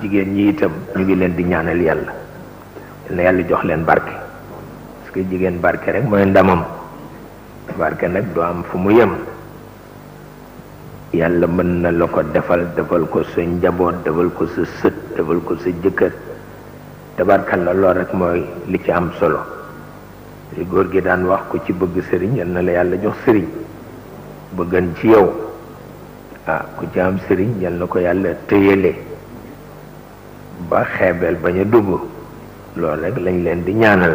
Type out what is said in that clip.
jigéen ñi itam ñu ngi leen di ñaanal yàlla yàlla jox leen barke parce que jigéen barke rek mooy ndamam barke nag du am fu mu yem yàlla mën na la ko defal defal ko sa njaboot defal ko sa sët defal ko sa jëkkër tabarkalla lool rek mooy li ci am solo li góor gi daan wax ko ci bëgg sëriñ yal na la yàlla jox sëriñ bëggan ci yow ah ku ci am sëriñ yal na ko yàlla téyelee ba xeebeel bañ a dugg loolu rek lañ leen di ñaanal